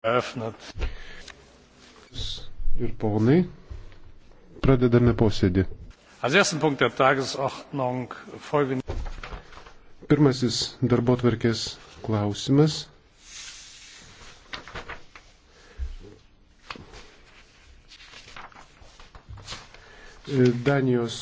Eröffnet. Ir ponai, pradedame posėdį. Pirmasis darbo tvarkės klausimas. Danijos